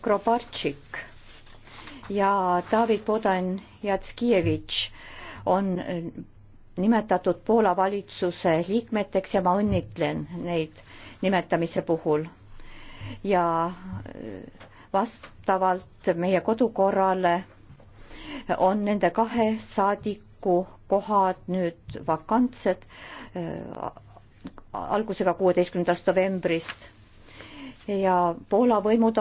Krobartšik ja David Bodan Jatskijevitš on eh, nimetatud Poola valitsuse liikmeteks ja ma õnnitlen neid nimetamise puhul. ja eh, vastavalt meie kodukorrale on nende kahe saadiku kohad nüüd vakantsed eh, algusega kuueteistkümnendast novembrist ja Poola võimud